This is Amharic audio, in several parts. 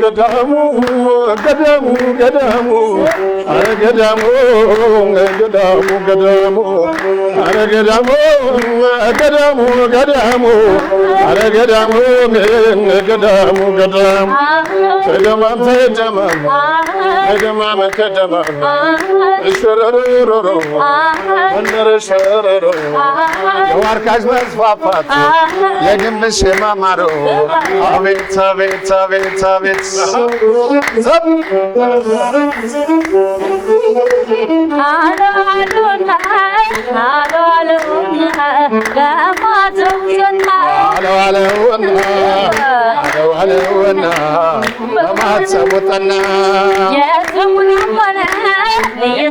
ገዳሙ ገዳሙ ገዳሙ አረ ገዳሙ ገዳሙ ገዳሙ አረ ገዳሙ ገዳሙ ገዳሙ አረ ገዳሙ ገዳሙ ገዳሙ ተገማም ተደማም ተገማም ተደማም እሽረሮሮሮ ወነረ የዋርካሽ መስፋፋት የግምሽ ማማ ማሮ አቤት አቤት አቤት አቤት አለዋለውና ለማት ሰቡጠና ዘመዴ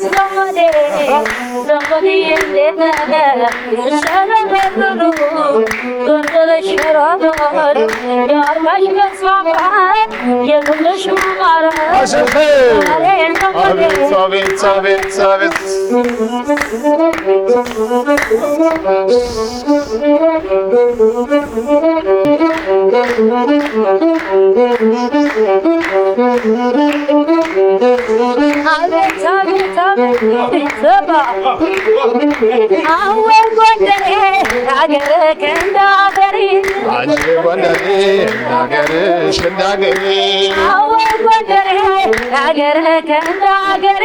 ዘመዴ Rahmaniyim lene Şeref nuru Gönlü şeref var Yar başka sabah Yakılış mumara Aşık Bey Abi አቤት አቤት አቤት አወር ጎንደሬ ሀገር ከእንዳገሬ አንቺ ጎንደሬ እንዳገርሽ እንዳገሬ አወር ጎንደሬ ሀገር ከእንዳገሬ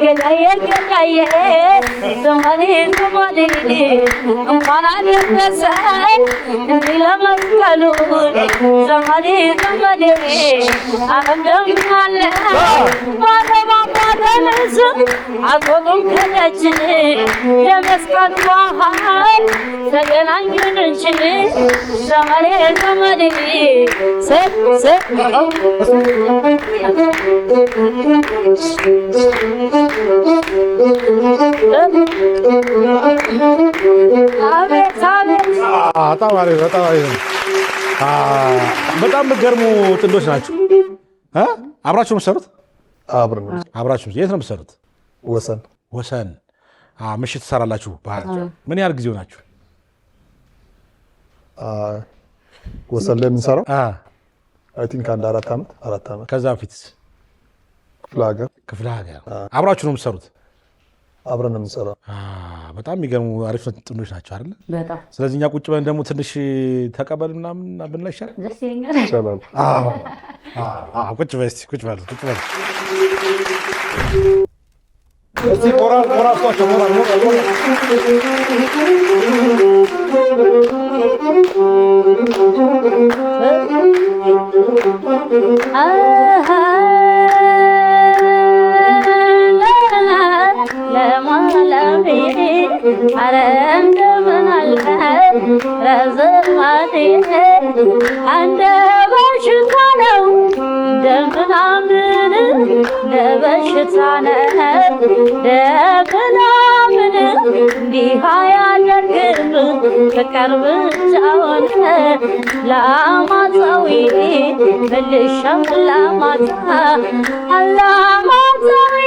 ጌታዬ ጌታዬ ዘመኔ ዘመኔ እንኳን አደረሰኝ እዚህ ለመስቀሉ ዘመኔ ዘመኔ አረደምናለሁ ባለባባተንስም አቆሉም ከደጅ የመስቀሉ ባህል ተገናኘን እንጂ ዘመኔ ዘመኔ ሰብ ሰብ Oh, በጣም አሪፍ በጣም አሪፍ። በጣም የምትገርሙ ጥንዶች ናቸው። አብራችሁ የምትሰሩት አብራችሁ የት ነው የምትሰሩት? ወሰን ወሰን ምሽት ትሰራላችሁ። ባህል ምን ያህል ጊዜው ናችሁ ወሰን ላይ የምንሰራው? አይ ቲንክ አንድ አራት ዓመት አራት ዓመት ከዛ በፊት ክፍለ ሀገር ክፍለ ሀገር አብራችሁ ነው የምትሰሩት? አብረን ነው የምንሰራው። በጣም የሚገርሙ አሪፍ ጥንዶች ናቸው አይደለ? በጣም ስለዚህ እኛ ቁጭ ብለን ደግሞ ትንሽ ተቀበል ምናምን ብንላ ይሻላል። ደስ ቁጭ በል እስኪ ቁጭ በል ቁጭ በል እስኪ ቆራር ቆራርጧቸው አረ እንደምን አልከን ረዝማት አንደበሽን ካለው ደምና ምን ለበሽታ ነህ ደምና እንዲህ አያደርግም ፍቅር ብቻውን ላማጣዊ መልሻም ላማጣ አላማጣዊ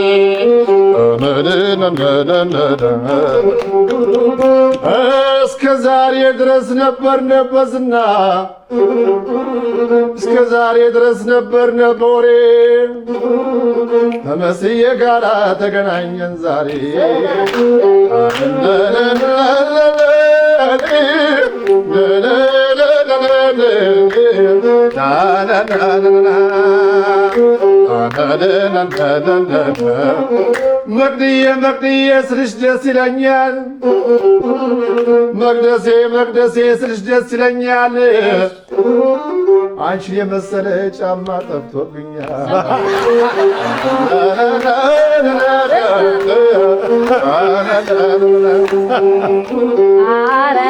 እስከ ዛሬ ድረስ ነበርነበዝና እስከ ዛሬ ድረስ ነበር ነበሬ ከመስዬ ጋራ ተገናኘን ዛሬ መቅድዬ መቅድዬ ስልሽ ደስ ይለኛል። መቅደሴ መቅደሴ ስልሽ ደስ ይለኛል። አንቺን የመሰለ ጫማ ጠፍቶብኛል። አረ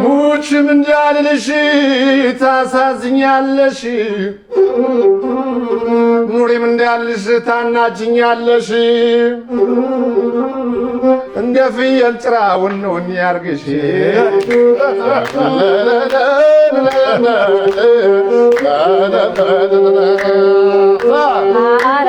ሙችም እንዳልልሽ ታሳዝኛለሽ፣ ኑሪም እንዳልልሽ ታናችኛለሽ። እንደ ፍየል ጭራ ውንውን ያርግሽ አረ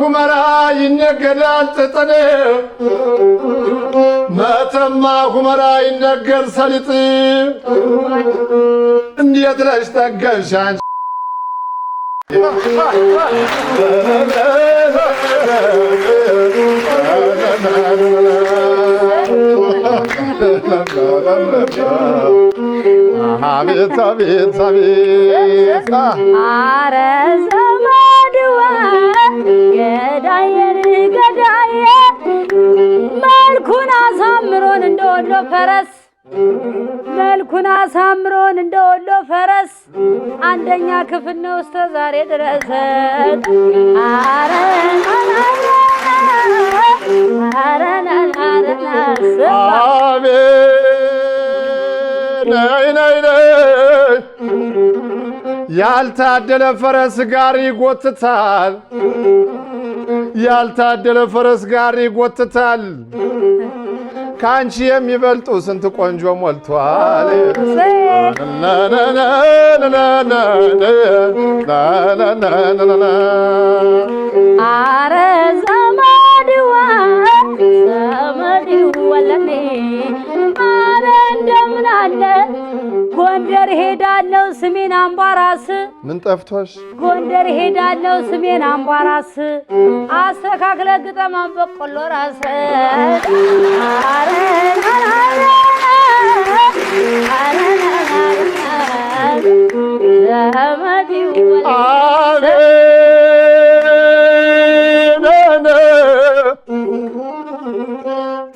ሁመራ ይነገዳል ጥጥን መተማ ሁመራ ይነገር ሰሊጥ እንዴት ነሽ ጠገሽ አንቺ አቤት አቤት አቤት ገዳዬ ገዳዬ መልኩን አሳምሮን እንደወሎ ፈረስ መልኩን አሳምሮን እንደወሎ ፈረስ አንደኛ ክፍል ነው እስከ ዛሬ ድረሰት ያልታደለ ፈረስ ጋር ይጎትታል። ያልታደለ ፈረስ ጋር ይጎትታል። ከአንቺ የሚበልጡ ስንት ቆንጆ ሞልቷል። አረ ዘመድዋ ዘመድዋ ለኔ አለ ጎንደር ሄዳለው ስሜን አምባራስ ምን ጠፍቶሽ ጎንደር ሄዳለው ስሜን አምባራስ አስተካክለ ግጠማን በቆሎ ራስ ዘመድ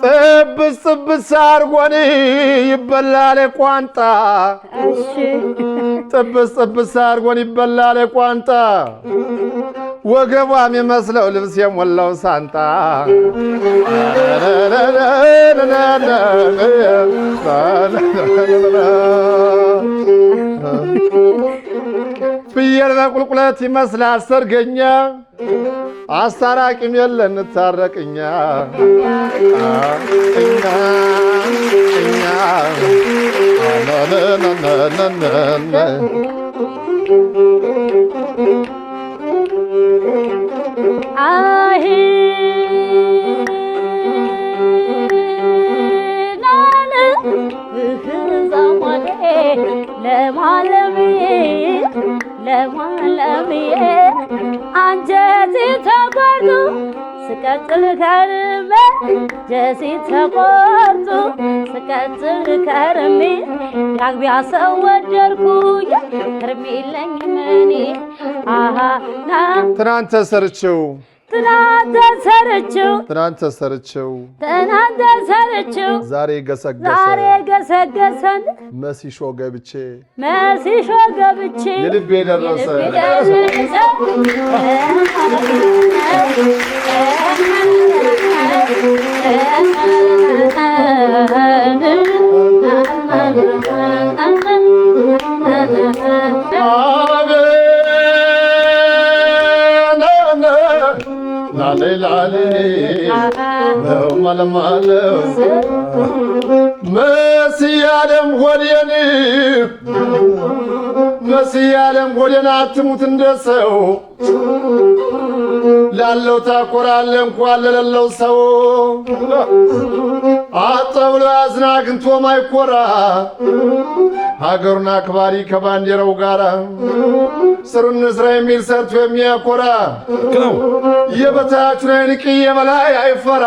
ጥብስ ጥብስ አርጎን ይበላል ቋንጣ ጥብስ ጥብስ አርጎን ይበላል ቋንጣ ወገቧም የሚመስለው ልብስ የሞላው ሳንጣ ፍየል በቁልቁለት ይመስላል ሰርገኛ አስታራቂም የለ እንታረቅኛ እኛ እኛ ለማለብዬ አንጀቴ ተቆርጦ ስቀጥል ከርሜ ጀሴ ተቆርጦ ስቀጥል ከርሜ ዳግቢያ ሰው ወደድኩኝ ትርሜ የለኝም እኔ አሃ ትናንተ ሰርቼው ትናንት ተሰርችው ትናንት ተሰርችው ትናንት ተሰርችው ዛሬ ገሰገሰ ዛሬ ገሰገሰን መሲሾ ገብቼ መሲሾ ገብቼ የልቤ ደረሰ ደረሰ ላሌላሌ በማለማለው መስያለም ሆዴን መስያለም ሆዴን አትሙት እንደሰው ላለው ታኮራለ እንኳን ለሌለው ሰው አጠብሎ ያዝና አግኝቶ ማይኮራ ሀገሩን አክባሪ ከባንዲራው ጋር ስሩን ስራ የሚል ሰርቶ የሚያኮራ የበታችን አይንቅ የበላይ አይፈራ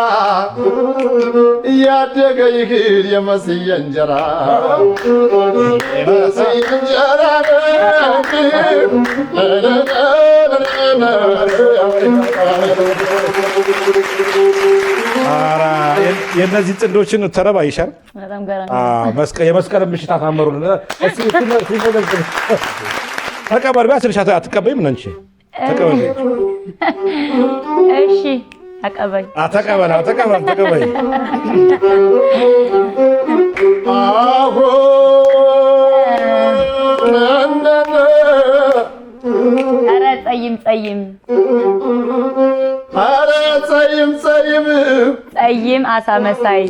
እያደገ ይክድ የመስዬ እንጀራ መስዬ እንጀራ የእነዚህ ጥንዶችን ተረባ ይሻል የመስቀል ምሽት አሳመሩ። ተቀበል ቢያስልሻ አትቀበይም? ነንቺ ተቀበል እሺ ተቀበል ተቀበል ተቀበል ተቀበል ኧረ ፀይም ፀይም ኧረ ፀይም ፀይም ፀይም አሳ መሳይ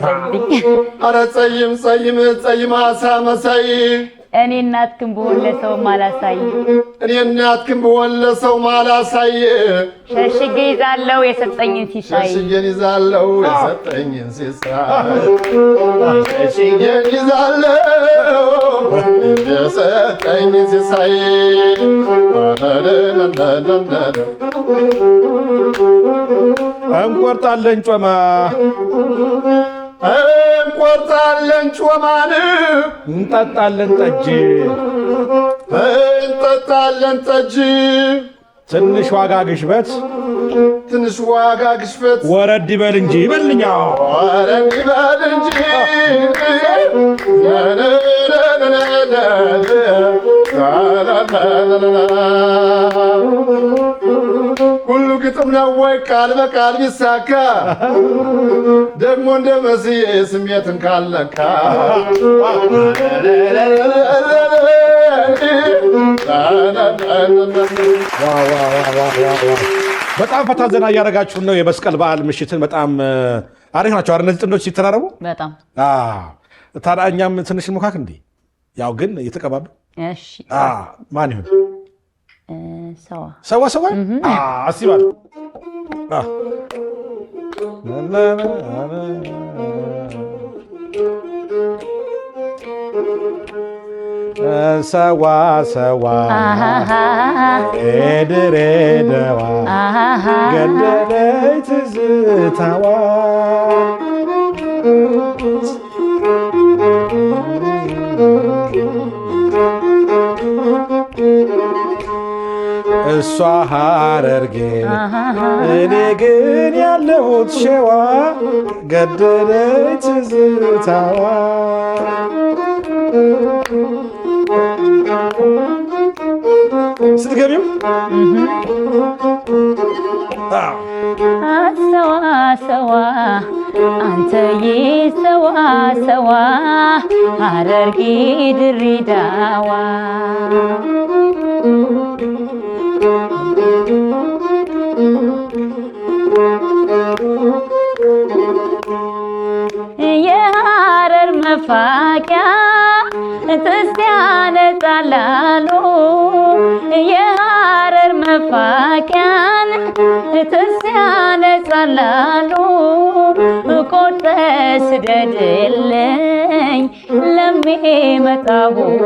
ኧረ ፀይም ፀይም ፀይም አሳ መሳይ እኔ እናት ብሆን ለሰው ማላሳይ እኔ እናትክን ብሆን ለሰው ማላሳይ ሸሽጌ ይዛለው የሰጠኝን ሲሳይ ሸሽጌን ይዛለው የሰጠኝን ሲሳይ ሸሽጌን ይዛለው የሰጠኝን ሲሳይ እንቆርጣለን ጮማ እንቆርጣለን ጮማን እንጠጣለን ጠጅ እንጠጣለን ጠጅ ትንሽ ዋጋ ግሽበት ትንሽ ዋጋ ግሽበት ወረድ ይበል እንጂ ይበልኛ ወረድ ይበል እንጂ ነነነነነ እርግጥም ነው ወይ ቃል በቃል ቢሳካ ደግሞ እንደ መስዬ ስሜትን ካለካ በጣም ፈታ ዘና እያደረጋችሁ ነው። የመስቀል በዓል ምሽትን በጣም አሪፍ ናቸው። አረ እነዚህ ጥንዶች ሲተራረቡ በጣም ታዲያ እኛም ትንሽ እንሞካክ እንዲህ ያው ግን እየተቀባበል ማን ይሁን ሰዋ ሰዋ አስባል ሰዋ ሰዋ ድሬደዋ ገደለይ ትዝታዋ እሷ ሐረርጌ እኔ ግን ያለሁት ሸዋ ገደለኝ ትዝታዋ። ስትገቢው ሰዋ ሰዋ አንተዬ ሰዋ ሰዋ ሐረርጌ ድሬዳዋ የሀረር መፋቂያ ለተስቲያነ ጣላሉ የሐረር መፋቂያን ለተስቲያነ ጣላሉ ቆርጠ ስደድልኝ ለሚመጣ ሁሉ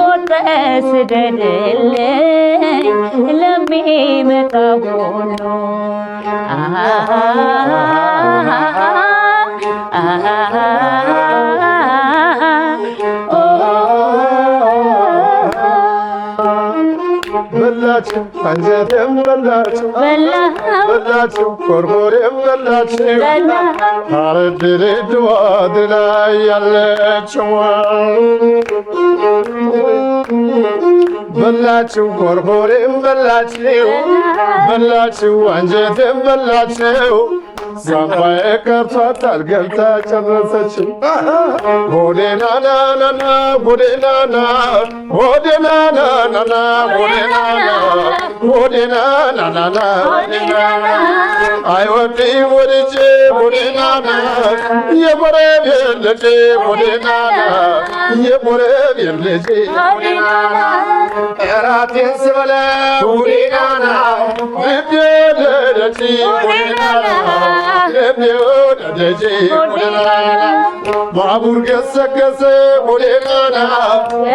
ቆርጠ ስደድልኝ ለሚመጣ ሁሉ አሃ በላችሁ አንጀቴም በላችሁ በላችሁ ኮርኮሬም በላችሁ አረድሬድ ዋድ ኮርኮሬም በላችሁ በላችሁ አንጀቴም በላችሁ ሳምባዬ ከብቷታል ገብታ ጨረሰች። ጎዴናናናና ጎዴናና ጎዴናናናና ጎዴናና ጎዴናናናና አይወድም ወድጄ ጎዴናና የበረድ የለጬ ጎዴናና የሙረቢር ልጅ እራቴን ስበላ ባቡር ገሰገሰ ሁኔናና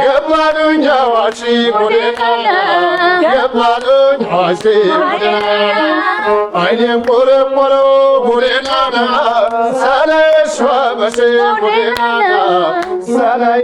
ገባሉኝ አዋሽ ሁኔናና ገባሉኝ አዋሽ አይኔም ቆረቆረው ሁኔናና ሳለሽ ዋበሽ ሁኔናና ሳላይ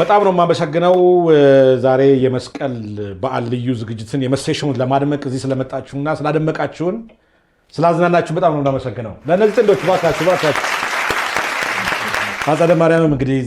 በጣም ነው የማመሰግነው። ዛሬ የመስቀል በዓል ልዩ ዝግጅትን የመሴሽን ለማድመቅ እዚህ ስለመጣችሁና ስላደመቃችሁን ስላዝናናችሁ በጣም ነው እናመሰግነው። ለእነዚህ ጥንዶች ባካችሁ ባካችሁ አጸደ ማርያምም እንግዲህ